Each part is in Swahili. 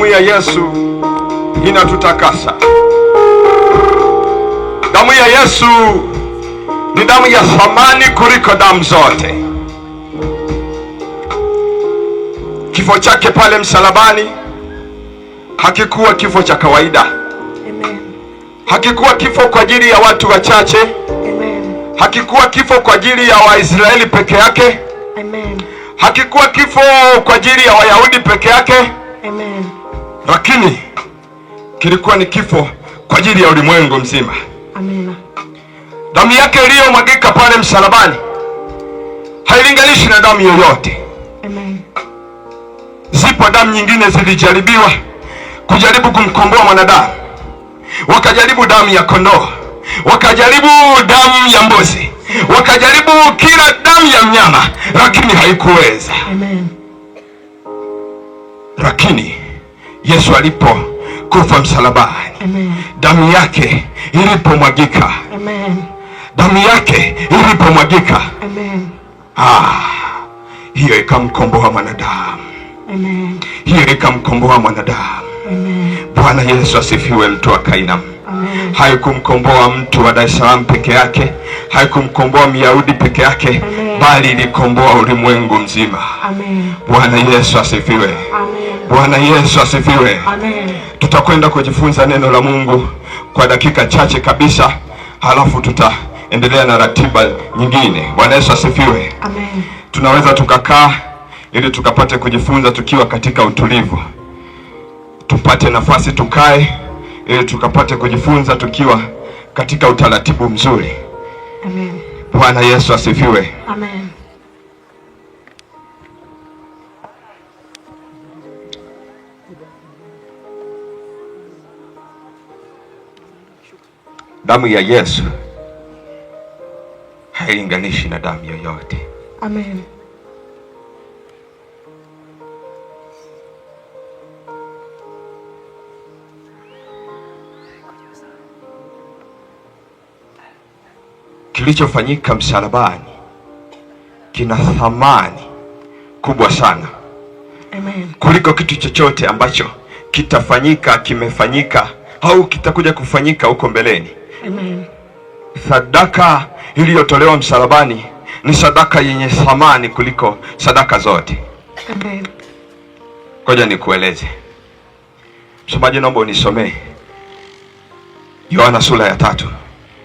damu ya Yesu inatutakasa. Damu ya Yesu ni damu ya thamani kuliko damu zote. Kifo chake pale msalabani hakikuwa kifo cha kawaida. Amen. Hakikuwa kifo kwa ajili ya watu wachache. Amen. Hakikuwa kifo kwa ajili ya Waisraeli peke yake. Amen. Hakikuwa kifo kwa ajili ya Wayahudi peke yake. Amen lakini kilikuwa ni kifo kwa ajili ya ulimwengu mzima. Amina. Damu yake iliyomwagika pale msalabani hailinganishi na damu yoyote. Amen. Zipo damu nyingine zilijaribiwa kujaribu kumkomboa mwanadamu, wakajaribu damu ya kondoo, wakajaribu damu ya mbuzi, wakajaribu kila damu ya mnyama, lakini haikuweza. Amen. Lakini Yesu alipo kufa msalabani, Amen. Damu yake ilipomwagika, Amen. Damu yake ilipomwagika, Amen. Ah, hiyo ikamkomboa mwanadamu, Amen. Hiyo ikamkomboa mwanadamu, Amen. Bwana Yesu asifiwe. Mtu wa Kainam haikumkomboa mtu wa Dar es Salaam peke yake, haikumkomboa Myahudi peke yake, bali ilikomboa ulimwengu mzima. Bwana Yesu asifiwe. Amen. Bwana Yesu asifiwe. Amen. Tutakwenda kujifunza neno la Mungu kwa dakika chache kabisa, halafu tutaendelea na ratiba nyingine. Bwana Yesu asifiwe. Amen. Tunaweza tukakaa ili tukapate kujifunza tukiwa katika utulivu, tupate nafasi tukae ili tukapate kujifunza tukiwa katika utaratibu mzuri. Amen. Bwana Yesu asifiwe. Amen. Damu ya Yesu hailinganishi na damu yoyote. Amen. Kilichofanyika msalabani kina thamani kubwa sana. Amen. Kuliko kitu chochote ambacho kitafanyika, kimefanyika au kitakuja kufanyika huko mbeleni. Amen. Sadaka iliyotolewa msalabani ni sadaka yenye thamani kuliko sadaka zote. Amen. Ngoja nikueleze msomaji, naomba unisomee Yohana sura ya tatu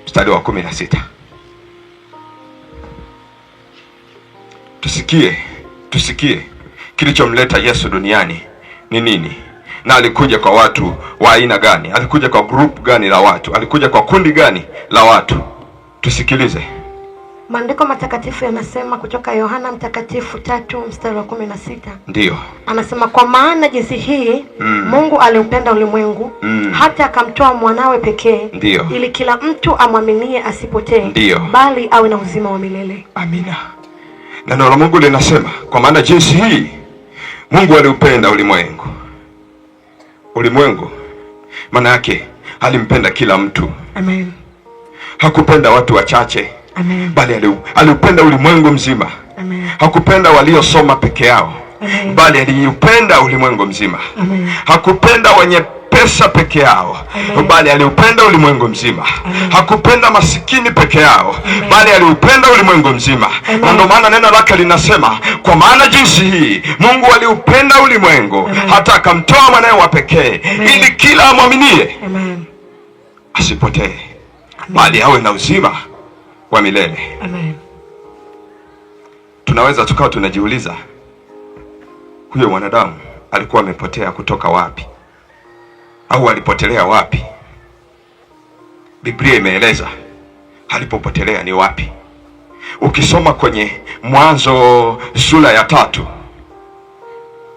mstari wa kumi na sita. Tusikie, tusikie kilichomleta Yesu duniani ni nini? na alikuja kwa watu wa aina gani? Alikuja kwa group gani la watu? Alikuja kwa kundi gani la watu? Tusikilize. Maandiko matakatifu yanasema kutoka Yohana mtakatifu tatu mstari wa kumi na sita anasema, kwa maana jinsi hii mm. Mungu aliupenda ulimwengu mm. hata akamtoa mwanawe pekee, ili kila mtu amwaminie asipotee, ndiyo bali awe na uzima wa milele. Amina. Neno la Mungu linasema, kwa maana jinsi hii Mungu aliupenda ulimwengu ulimwengu, maana yake alimpenda kila mtu. Amen. Hakupenda watu wachache. Amen. Bali aliupenda ulimwengu mzima. Amen. Hakupenda waliosoma peke yao. Amen. Bali aliupenda ulimwengu mzima. Amen. Hakupenda wenye pesa peke yao Amen. Bali aliupenda ulimwengu mzima Amen. Hakupenda masikini peke yao Amen. Bali aliupenda ulimwengu mzima Na ndio maana neno lake linasema, kwa maana jinsi hii Mungu aliupenda ulimwengu Hata akamtoa mwanaye wa pekee ili kila amwaminie asipotee, bali awe na uzima wa milele Amen. Tunaweza tukawa tunajiuliza huyo mwanadamu alikuwa amepotea kutoka wapi? au alipotelea wapi? Biblia imeeleza alipopotelea ni wapi. Ukisoma kwenye Mwanzo sura ya tatu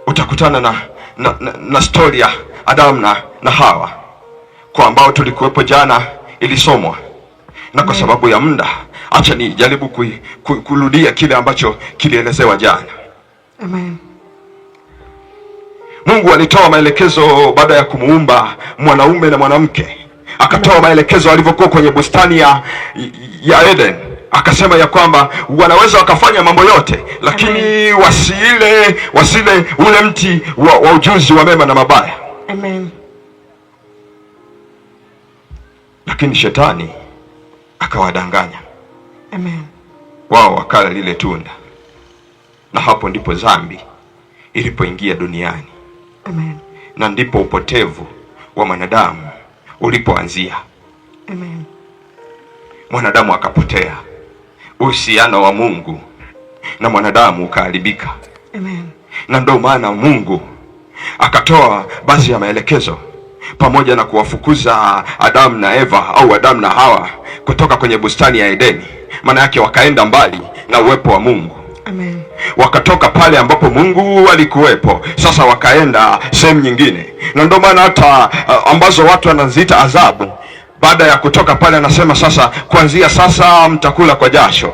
utakutana na, na, na, na stori ya Adamu na, na Hawa kwa ambao tulikuwepo jana, ilisomwa na kwa mm. sababu ya muda, acha nijaribu kurudia kile ambacho kilielezewa jana. Amen. Mungu alitoa maelekezo baada ya kumuumba mwanaume na mwanamke, akatoa maelekezo alivyokuwa kwenye bustani ya, ya Eden akasema ya kwamba wanaweza wakafanya mambo yote lakini Amen. Wasile, wasile ule mti wa, wa ujuzi wa mema na mabaya Amen. Lakini shetani akawadanganya Amen. Wao wakala lile tunda, na hapo ndipo dhambi ilipoingia duniani. Amen. Na ndipo upotevu wa mwanadamu ulipoanzia. Amen. Mwanadamu akapotea, uhusiano wa Mungu na mwanadamu ukaharibika. Amen. Na ndio maana Mungu akatoa baadhi ya maelekezo pamoja na kuwafukuza Adamu na Eva au Adamu na Hawa kutoka kwenye bustani ya Edeni. Maana yake wakaenda mbali na uwepo wa Mungu wakatoka pale ambapo Mungu alikuwepo, sasa wakaenda sehemu nyingine, na ndio maana hata uh, ambazo watu wanaziita adhabu. Baada ya kutoka pale, anasema sasa, kuanzia sasa mtakula kwa jasho,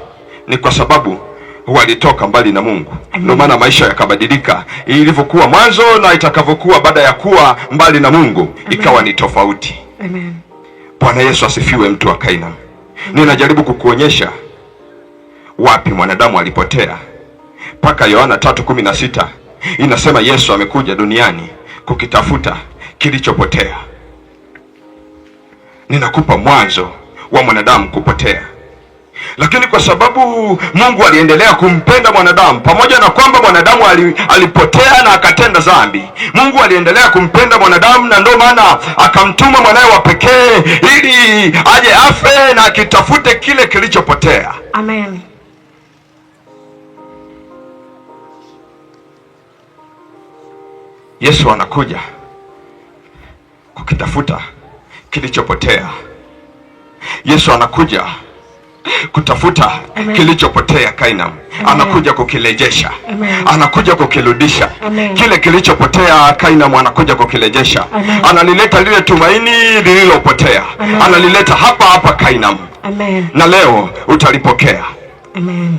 ni kwa sababu walitoka mbali na Mungu. Ndio maana maisha yakabadilika, ilivyokuwa mwanzo na itakavyokuwa baada ya kuwa mbali na Mungu ikawa ni tofauti Amen. Bwana Yesu asifiwe. Mtu wa Kaina, ninajaribu kukuonyesha wapi mwanadamu alipotea mpaka Yohana tatu kumi na sita inasema Yesu amekuja duniani kukitafuta kilichopotea. Ninakupa mwanzo wa mwanadamu kupotea, lakini kwa sababu Mungu aliendelea kumpenda mwanadamu, pamoja na kwamba mwanadamu alipotea na akatenda dhambi, Mungu aliendelea kumpenda mwanadamu, na ndio maana akamtuma mwanaye wa pekee ili aje afe na akitafute kile kilichopotea. Amen. Yesu anakuja kukitafuta kilichopotea. Yesu anakuja kutafuta kilichopotea Kainam Amen. anakuja kukirejesha anakuja kukirudisha Amen. kile kilichopotea Kainam anakuja kukirejesha analileta lile tumaini lililopotea analileta hapa hapa Kainam Amen. na leo utalipokea Amen.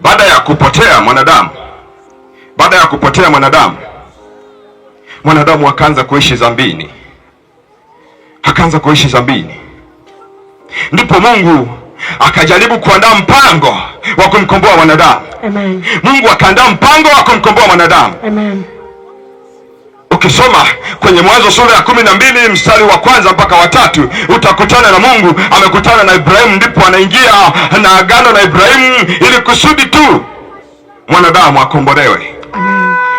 baada ya kupotea mwanadamu baada ya kupotea mwanadamu, mwanadamu akaanza kuishi zambini akaanza kuishi zambini Ndipo Mungu akajaribu kuandaa mpango wa kumkomboa mwanadamu. Amen. Mungu akaandaa mpango wa kumkomboa mwanadamu. Amen. Ukisoma kwenye Mwanzo sura ya kumi na mbili mstari wa kwanza mpaka watatu utakutana na Mungu amekutana na Ibrahimu, ndipo anaingia na agano na Ibrahimu ili kusudi tu mwanadamu akombolewe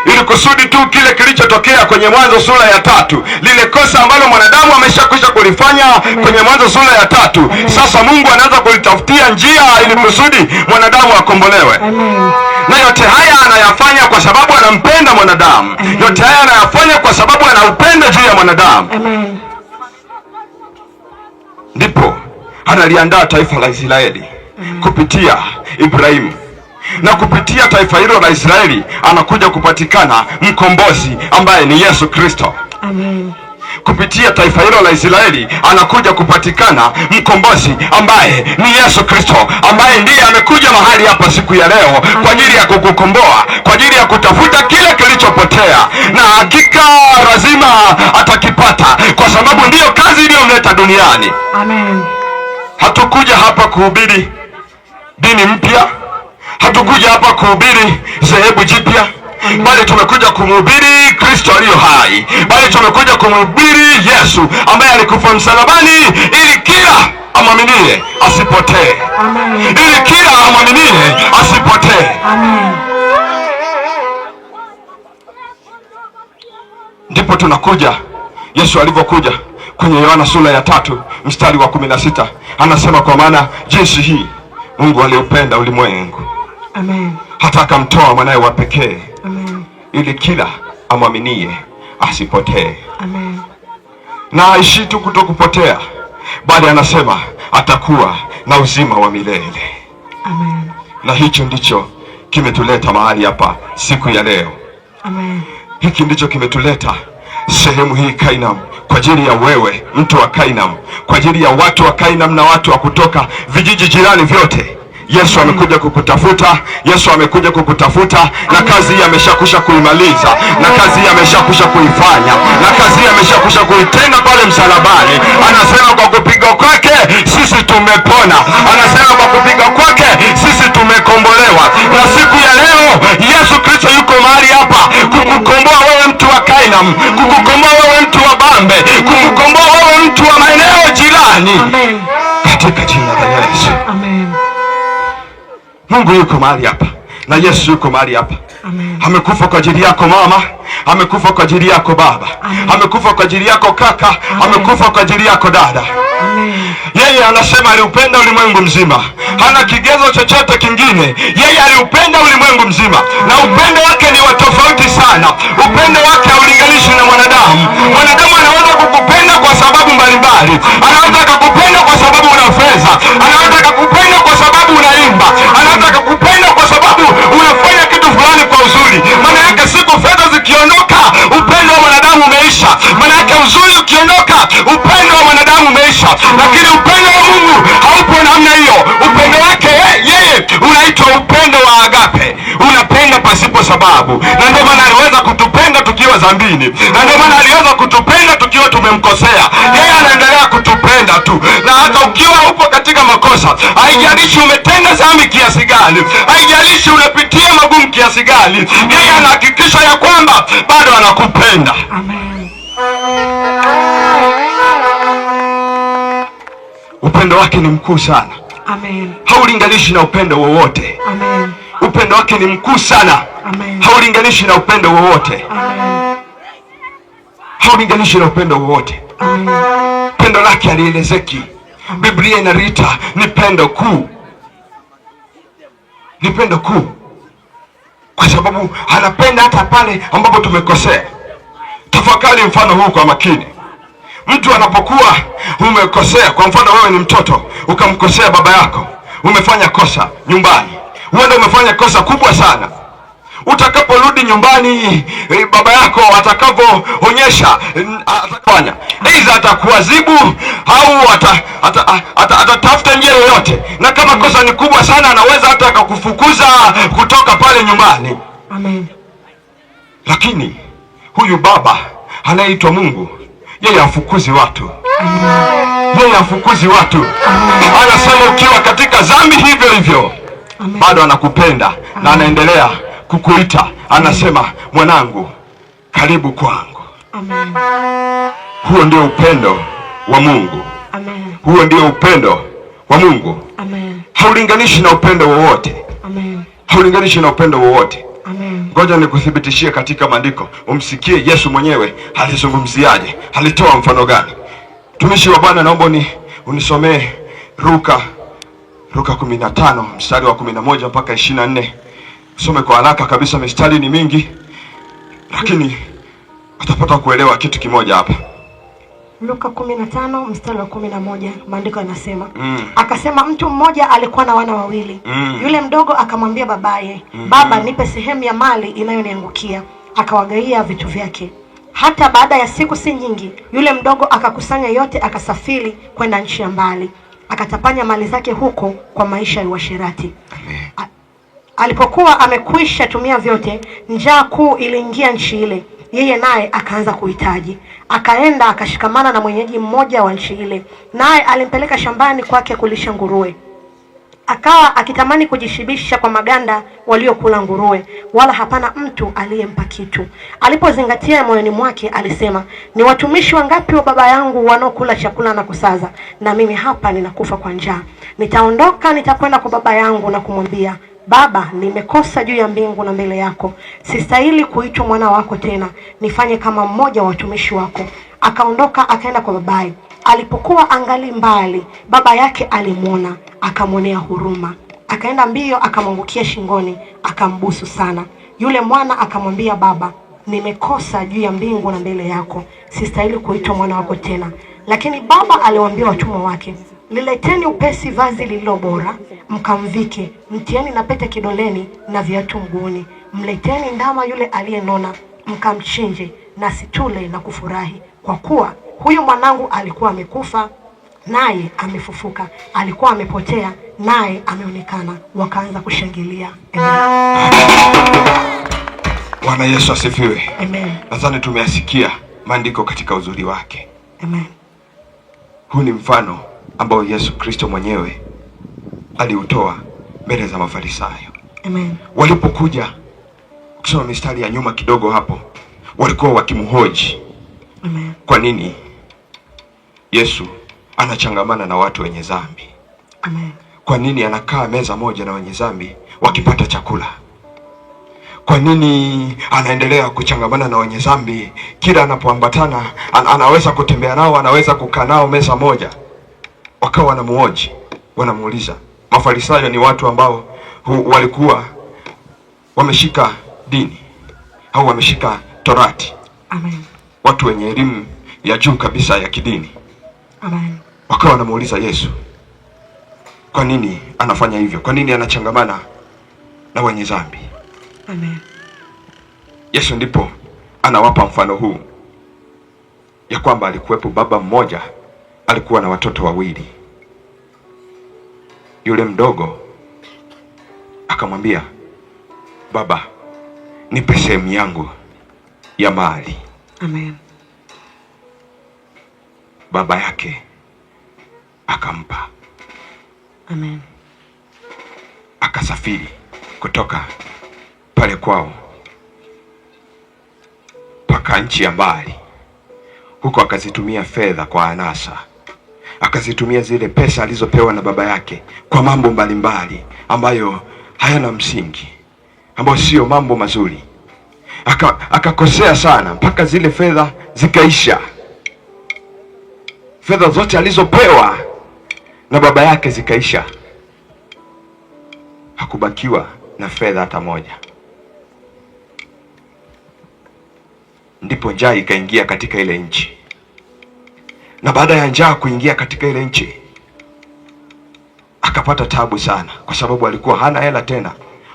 ili kusudi tu kile kilichotokea kwenye Mwanzo sura ya tatu, lile kosa ambalo mwanadamu ameshakwisha kulifanya kwenye Mwanzo sura ya tatu, sasa Mungu anaanza kulitafutia njia ili kusudi mwanadamu akombolewe. Na yote haya anayafanya kwa sababu anampenda mwanadamu, yote haya anayafanya kwa sababu anaupenda juu ya mwanadamu, ndipo analiandaa taifa la Israeli kupitia Ibrahimu na kupitia taifa hilo la Israeli anakuja kupatikana mkombozi ambaye ni Yesu Kristo. Amen. Kupitia taifa hilo la Israeli anakuja kupatikana mkombozi ambaye ni Yesu Kristo, ambaye ndiye amekuja mahali hapa siku ya leo kwa ajili ya kukukomboa, kwa ajili ya kutafuta kile kilichopotea, na hakika lazima atakipata, kwa sababu ndiyo kazi iliyomleta duniani. Amen. Hatukuja hapa kuhubiri dini mpya Hatukuja hapa kuhubiri dhehebu jipya, bali tumekuja kumhubiri Kristo aliyo hai, bali tumekuja kumhubiri Yesu ambaye alikufa msalabani ili kila amwaminie asipotee, ili kila amwaminie asipotee. Ndipo tunakuja Yesu alivyokuja kwenye Yohana sura ya tatu mstari wa kumi na sita anasema, kwa maana jinsi hii Mungu aliupenda ulimwengu Amen. Hata akamtoa mwanaye wa pekee ili kila amwaminie asipotee, Amen. Na aishi tu kuto kupotea, bali anasema atakuwa na uzima wa milele Amen. Na hicho ndicho kimetuleta mahali hapa siku ya leo Amen. Hiki ndicho kimetuleta sehemu hii Kainam, kwa ajili ya wewe mtu wa Kainam, kwa ajili ya watu wa Kainam na watu wa kutoka vijiji jirani vyote Yesu amekuja kukutafuta, Yesu amekuja kukutafuta, na kazi hii ameshakusha kuimaliza, na kazi hii ameshakusha kuifanya, na kazi hii ameshakusha kuitenda pale msalabani. Anasema kwa kupiga kwake sisi tumepona, anasema kwa kupiga kwake sisi tumekombolewa. Na siku ya leo Yesu Kristo yuko mahali hapa kukukomboa wewe mtu wa Kainam, kukukomboa wewe mtu wa Bambe, kukukomboa wewe mtu wa maeneo jirani, katika jina la Yesu. Amen. Mungu yuko mahali hapa na Yesu yuko mahali hapa. Amen. Amekufa kwa ajili yako mama, amekufa kwa ajili yako baba, amekufa kwa ajili yako kaka, amekufa kwa ajili yako dada. Amen. Yeye anasema aliupenda ulimwengu mzima, hana kigezo chochote kingine. Yeye aliupenda ulimwengu mzima, na upendo wake ni wa tofauti sana. Upendo wake haulinganishi na mwanadamu. Mwanadamu anaweza kukupenda kwa sababu mbalimbali, anaweza akakupenda kwa sababu una fedha, anaweza lakini upendo wa Mungu haupo namna hiyo. Upendo wake yeye unaitwa upendo wa agape, unapenda pasipo sababu, na ndio maana aliweza kutupenda tukiwa zambini na ndio maana aliweza kutupenda tukiwa tumemkosea. Yeye anaendelea kutupenda tu, na hata ukiwa upo katika makosa, haijalishi umetenda dhambi kiasi gani, haijalishi unapitia magumu kiasi gani, yeye anahakikisha ya kwamba bado anakupenda. Amen. Upendo wake ni mkuu sana. Amen. Haulinganishi na upendo wowote. Amen. Upendo wake ni mkuu sana. Amen. Haulinganishi na upendo wowote. Amen. Haulinganishi na upendo wowote. Amen. Pendo lake alielezeki. Biblia inaliita ni pendo kuu. Ni pendo kuu. Kwa sababu anapenda hata pale ambapo tumekosea. Tafakari mfano huu kwa makini. Mtu anapokuwa umekosea, kwa mfano wewe ni mtoto ukamkosea baba yako, umefanya kosa nyumbani, huenda umefanya kosa kubwa sana. Utakaporudi nyumbani, eh, baba yako atakavyoonyesha atafanya aidha atakuadhibu au atatafuta ata, ata, ata njia yoyote, na kama kosa ni kubwa sana, anaweza hata akakufukuza kutoka pale nyumbani. Amen. Lakini huyu baba anayeitwa Mungu yeye afukuzi watu, yeye afukuzi watu. Anasema ukiwa katika dhambi hivyo hivyo bado anakupenda na anaendelea kukuita, anasema mwanangu, karibu kwangu. Huo ndio upendo wa Mungu. Huo ndio upendo wa Mungu. Haulinganishi na upendo wowote. Haulinganishi na upendo wowote. Ngoja nikuthibitishie katika maandiko, umsikie Yesu mwenyewe alizungumziaje, alitoa mfano gani. Mtumishi wa Bwana, naomba ni unisomee Luka Luka 15 mstari wa 11 mpaka 24. Usome kwa haraka kabisa, mistari ni mingi, lakini utapata kuelewa kitu kimoja hapa. Luka 15 mstari wa 11 maandiko yanasema mm. Akasema mtu mmoja alikuwa na wana wawili mm. Yule mdogo akamwambia babaye mm -hmm. Baba, nipe sehemu ya mali inayoniangukia. Akawagaia vitu vyake. Hata baada ya siku si nyingi, yule mdogo akakusanya yote, akasafiri kwenda nchi ya mbali, akatapanya mali zake huko kwa maisha ya uasherati. Alipokuwa amekwisha tumia vyote, njaa kuu iliingia nchi ile yeye naye akaanza kuhitaji. Akaenda akashikamana na mwenyeji mmoja wa nchi ile, naye alimpeleka shambani kwake kulisha nguruwe. Akawa akitamani kujishibisha kwa maganda waliokula nguruwe, wala hapana mtu aliyempa kitu. Alipozingatia moyoni mwake, alisema, ni watumishi wangapi wa baba yangu wanaokula chakula na kusaza, na mimi hapa ninakufa kwa njaa. Nitaondoka, nitakwenda kwa baba yangu na kumwambia Baba, nimekosa juu ya mbingu na mbele yako, sistahili kuitwa mwana wako tena, nifanye kama mmoja wa watumishi wako. Akaondoka akaenda kwa babaye. Alipokuwa angali mbali, baba yake alimwona, akamwonea huruma, akaenda mbio, akamwangukia shingoni, akambusu sana. Yule mwana akamwambia, baba, nimekosa juu ya mbingu na mbele yako, sistahili kuitwa mwana wako tena. Lakini baba aliwaambia watumwa wake nileteni upesi vazi lililo bora, mkamvike, mtieni na pete kidoleni na viatu mguuni. Mleteni ndama yule aliyenona, mkamchinje, na situle na kufurahi, kwa kuwa huyu mwanangu alikuwa amekufa naye amefufuka, alikuwa amepotea naye ameonekana. Wakaanza kushangilia. Bwana Yesu asifiwe. Amen. Nadhani tumeyasikia maandiko katika uzuri wake. Amen. Huu ni mfano ambao Yesu Kristo mwenyewe aliutoa mbele za Mafarisayo. Amen. Walipokuja, kusoma mistari ya nyuma kidogo hapo, walikuwa wakimhoji Amen. Kwa nini Yesu anachangamana na watu wenye dhambi? Amen. Kwa nini anakaa meza moja na wenye dhambi wakipata chakula? Kwa nini anaendelea kuchangamana na wenye dhambi? Kila anapoambatana, an anaweza kutembea nao, anaweza kukaa nao meza moja wakawa wanamuoji, wanamuuliza. Mafarisayo ni watu ambao hu, walikuwa wameshika dini au wameshika torati. Amen. Watu wenye elimu ya juu kabisa ya kidini. Amen. Wakawa wanamuuliza Yesu, kwa nini anafanya hivyo? Kwa nini anachangamana na wenye dhambi? Amen. Yesu ndipo anawapa mfano huu ya kwamba alikuwepo baba mmoja alikuwa na watoto wawili. Yule mdogo akamwambia, baba, nipe sehemu yangu ya mali. Amen. Baba yake akampa. Amen. Akasafiri kutoka pale kwao mpaka nchi ya mbali, huko akazitumia fedha kwa anasa akazitumia zile pesa alizopewa na baba yake kwa mambo mbalimbali ambayo hayana msingi, ambayo sio mambo mazuri. Akakosea aka sana mpaka zile fedha zikaisha, fedha zote alizopewa na baba yake zikaisha, hakubakiwa na fedha hata moja. Ndipo njaa ikaingia katika ile nchi na baada ya njaa kuingia katika ile nchi akapata tabu sana, kwa sababu alikuwa hana hela tena.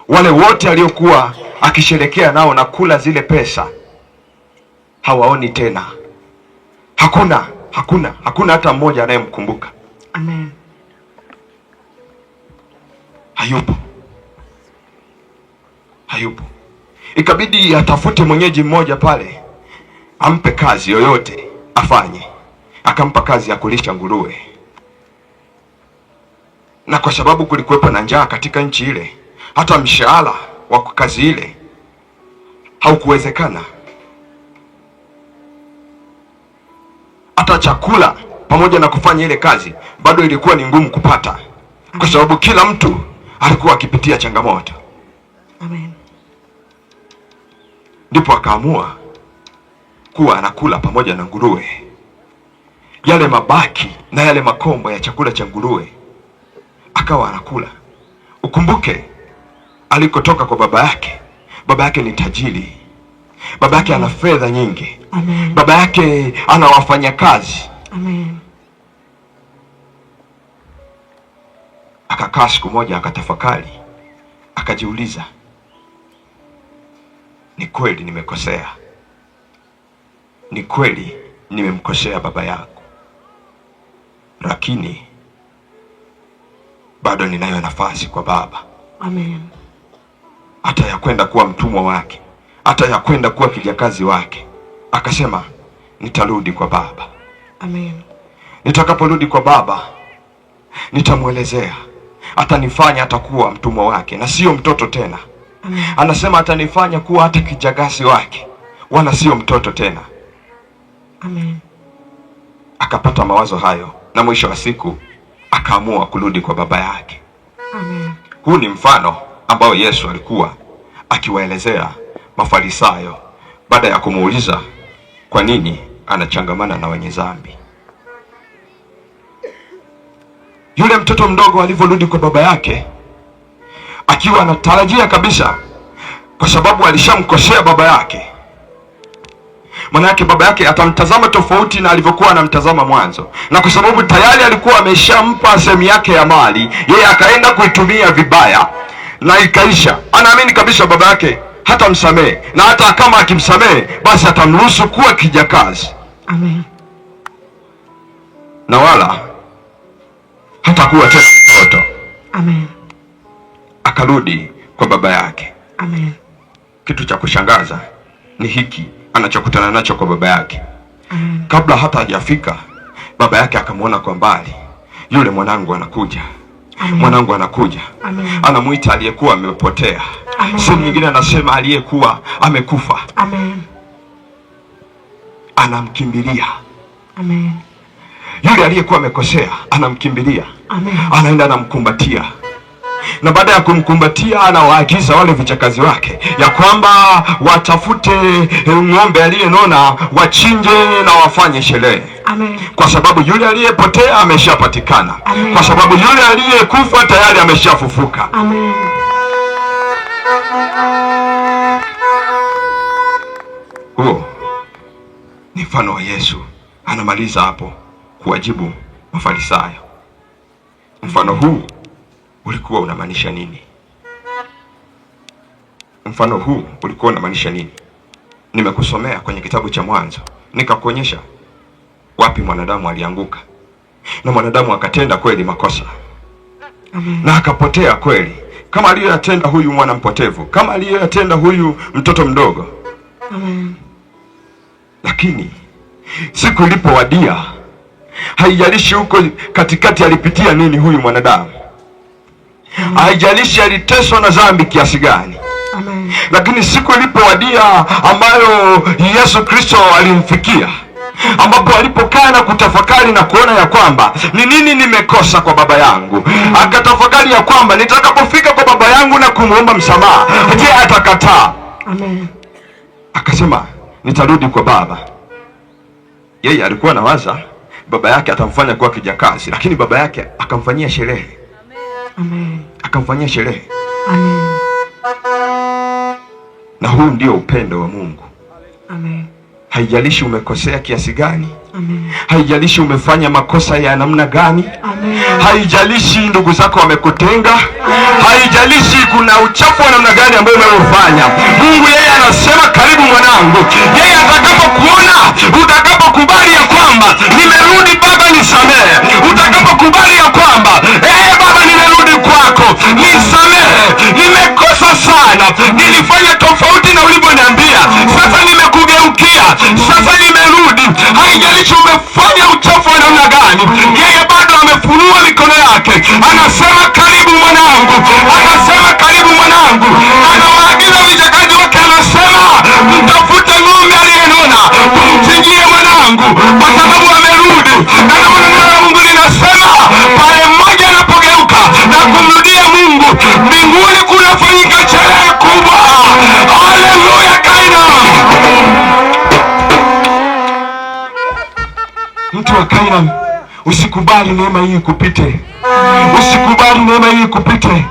Wale wote aliokuwa akisherekea nao na kula zile pesa hawaoni tena, hakuna hakuna hakuna hata mmoja anayemkumbuka. Amen, hayupo hayupo. Ikabidi atafute mwenyeji mmoja pale ampe kazi yoyote afanye akampa kazi ya kulisha nguruwe, na kwa sababu kulikuwepo na njaa katika nchi ile, hata mshahara wa kazi ile haukuwezekana. Hata chakula pamoja na kufanya ile kazi bado ilikuwa ni ngumu kupata, kwa sababu kila mtu alikuwa akipitia changamoto. Amen. Ndipo akaamua kuwa anakula pamoja na nguruwe yale mabaki na yale makombo ya chakula cha nguruwe akawa anakula. Ukumbuke alikotoka kwa baba yake. Baba yake ni tajiri, baba yake ana fedha nyingi. Amen. Baba yake ana wafanyakazi. Amen. Akakaa siku moja akatafakari, akajiuliza, ni kweli nimekosea, ni kweli nimemkosea baba yangu lakini bado ninayo nafasi kwa Baba. Amen. Hata ya kwenda kuwa mtumwa wake, hata ya kwenda kuwa kijakazi wake, akasema nitarudi kwa Baba. Amen. Nitakaporudi kwa Baba nitamwelezea, atanifanya atakuwa mtumwa wake na sio mtoto tena. Amen. Anasema atanifanya kuwa hata kijagasi wake wala sio mtoto tena. Amen. Akapata mawazo hayo na mwisho wa siku akaamua kurudi kwa baba yake. Amen. Huu ni mfano ambao Yesu alikuwa akiwaelezea Mafarisayo baada ya kumuuliza kwa nini anachangamana na wenye dhambi. Yule mtoto mdogo alivyorudi kwa baba yake akiwa anatarajia kabisa, kwa sababu alishamkosea baba yake Manake baba yake atamtazama tofauti na alivyokuwa anamtazama mwanzo, na kwa sababu tayari alikuwa ameshampa sehemu yake ya mali, yeye akaenda kuitumia vibaya na ikaisha. Anaamini kabisa baba yake hatamsamehe, na hata kama akimsamehe, basi atamruhusu kuwa kijakazi. Amen. Na wala hatakuwa tena mtoto. Amen. Akarudi kwa baba yake. Amen. Kitu cha kushangaza ni hiki anachokutana nacho kwa baba yake. Mm. Kabla hata hajafika baba yake akamwona kwa mbali, yule mwanangu anakuja. Amen. Mwanangu anakuja. Anamuita aliyekuwa amepotea, sehemu nyingine anasema aliyekuwa amekufa. Amen. Anamkimbilia. Amen. Yule aliyekuwa amekosea anamkimbilia. Amen. Anaenda anamkumbatia na baada ya kumkumbatia anawaagiza wale vichakazi wake ya kwamba watafute eh, ng'ombe aliyenona wachinje na wafanye sherehe. Amen. Kwa sababu yule aliyepotea ameshapatikana. Kwa sababu yule aliyekufa tayari ameshafufuka. Amen. Huo oh, ni mfano wa Yesu, anamaliza hapo kuwajibu Mafarisayo. Mfano huu ulikuwa unamaanisha nini? Mfano huu ulikuwa unamaanisha nini? Nimekusomea kwenye kitabu cha Mwanzo, nikakuonyesha wapi mwanadamu alianguka na mwanadamu akatenda kweli makosa Amen. na akapotea kweli kama aliyoyatenda huyu mwana mpotevu, kama aliyoyatenda huyu mtoto mdogo Amen. Lakini siku ilipowadia, haijalishi huko katikati alipitia nini huyu mwanadamu Mm. haijalishi aliteswa na dhambi kiasi gani. Amen. Lakini siku ilipowadia ambayo Yesu Kristo alimfikia ambapo alipokaa na kutafakari na kuona ya kwamba ni nini nimekosa kwa baba yangu. Mm. Akatafakari ya kwamba nitakapofika kwa baba yangu na kumwomba msamaha, je, atakataa? Amen. Akasema nitarudi kwa baba. Yeye alikuwa anawaza baba yake atamfanya kuwa kijakazi, lakini baba yake akamfanyia sherehe Amen. Akamfanyia sherehe. Amen. Na huu ndio upendo wa Mungu. Amen. Haijalishi umekosea kiasi gani Amen. Haijalishi umefanya makosa ya namna gani Amen. Haijalishi ndugu zako wamekutenga, haijalishi kuna uchafu wa namna gani ambao umeufanya. Mungu yeye anasema karibu mwanangu, yeye atakapokuona, utakapokubali ya kwamba nimerudi Baba nisamehe, utakapokubali ya kwamba ee Baba nimerudi kwako, nisamehe, nimekosa sana, nilifanya tofauti na ulivyoniambia, sasa nime Kingi alicho umefanya uchafu wa namna gani? Bwana, Usikubali neema hii kupite, usikubali neema hii kupite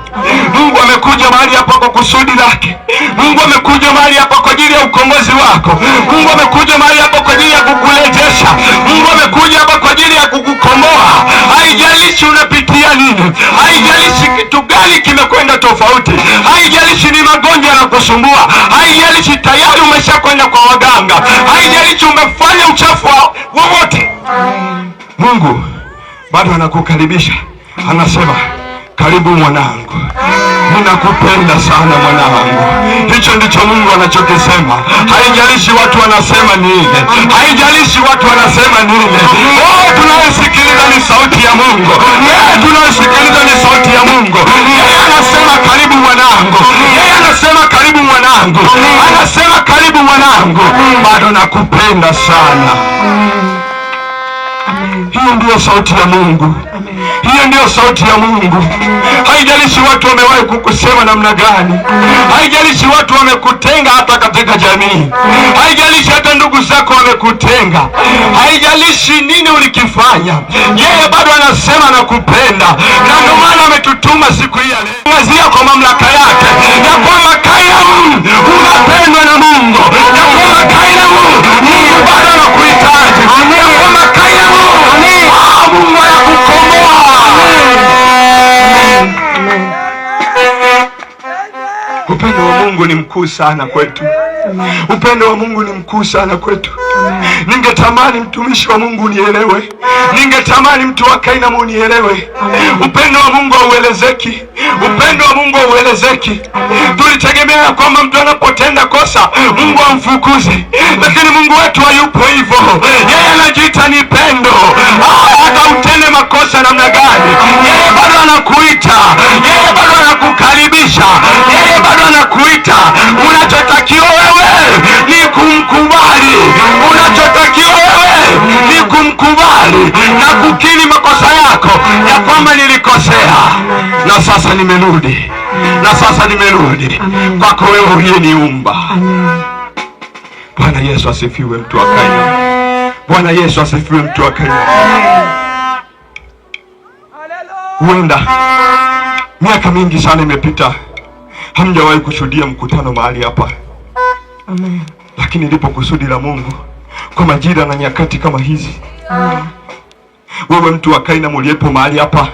amekuja mahali hapa kwa kusudi lake. Mungu amekuja mahali hapa kwa ajili ya ukombozi wako. Mungu amekuja mahali hapa kwa ajili ya kukurejesha. Mungu amekuja hapa kwa ajili ya kukukomboa. Haijalishi unapitia nini, haijalishi kitu gani kimekwenda tofauti, haijalishi ni magonjwa yanakusumbua, haijalishi tayari umeshakwenda kwa waganga, haijalishi umefanya uchafu wowote, Mungu bado anakukaribisha, anasema karibu mwanangu, ninakupenda sana mwanangu. Hicho ndicho Mungu anachokisema. Haijalishi watu wanasema nini, haijalishi watu wanasema nini. Oh, tunayosikiliza ni sauti ya Mungu. Yeye tunayosikiliza ni sauti ya Mungu. Yeye anasema karibu mwanangu, yeye anasema karibu mwanangu, anasema karibu mwanangu, bado nakupenda sana. Hiyo ndiyo sauti ya Mungu. Hiyo ndiyo sauti ya Mungu. Haijalishi watu wamewahi kukusema namna gani, haijalishi watu wamekutenga hata katika jamii, haijalishi hata ndugu zako wamekutenga, haijalishi nini ulikifanya, yeye bado anasema kupenda na ndio maana ametutuma siku hii ya leo kwa mamlaka yake ya kwamba Mungu ni mkuu sana kwetu. Upendo wa Mungu ni mkuu sana kwetu. Ningetamani mtumishi wa Mungu unielewe, ningetamani mtu wa Kainama unielewe. Upendo wa Mungu hauelezeki, upendo wa Mungu hauelezeki. Tulitegemea kwamba mtu anapotenda kosa Mungu amfukuze, lakini Mungu wetu hayupo hivyo. Yeye anajiita ni pendo, ah, hata utende makosa namna gani, yeye bado anakuita, yeye bado anakukaribisha vita. Unachotakiwa wewe ni kumkubali, unachotakiwa wewe ni kumkubali na kukiri makosa yako ya kwamba nilikosea na sasa nimerudi, na sasa nimerudi kwako wewe uliyeniumba. Bwana Yesu asifiwe, mtu wa Kaina. Bwana Yesu asifiwe, mtu wa Kaina. Huenda miaka mingi sana imepita hamjawahi kushuhudia mkutano mahali hapa Amen. Lakini lipo kusudi la Mungu kwa majira na nyakati kama hizi Amen. Wewe mtu wa Kainam uliyepo mahali hapa,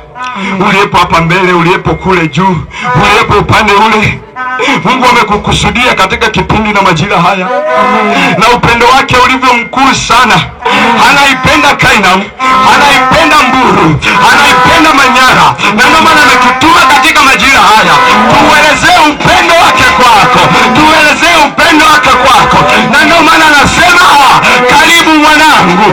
uliyepo hapa mbele, uliyepo kule juu, uliyepo upande ule, Mungu amekukusudia katika kipindi na majira haya Amen. Na upendo wake ulivyo mkuu sana, anaipenda Kainam, anaipenda Mburu, anaipenda Manyara na ndio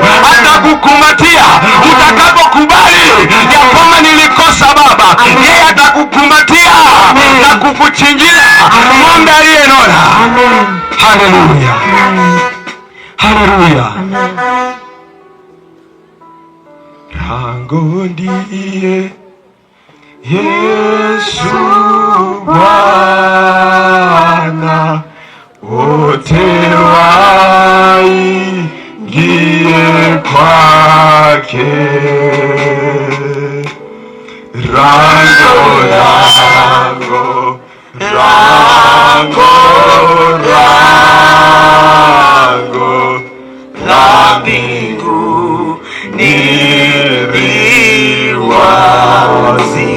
atakukumbatia utakapokubali ya kwamba nilikosa Baba, yeye atakukumbatia na kukuchinjia ng'ombe aliyenona. Haleluya, haleluya. rango ndiye Yesu Bwana, wote waingie Paket Rango, rango, rango, rango Na mbingu niliwa wazi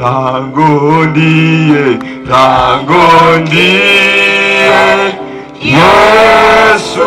Rango ndiye, rango ndiye Yesu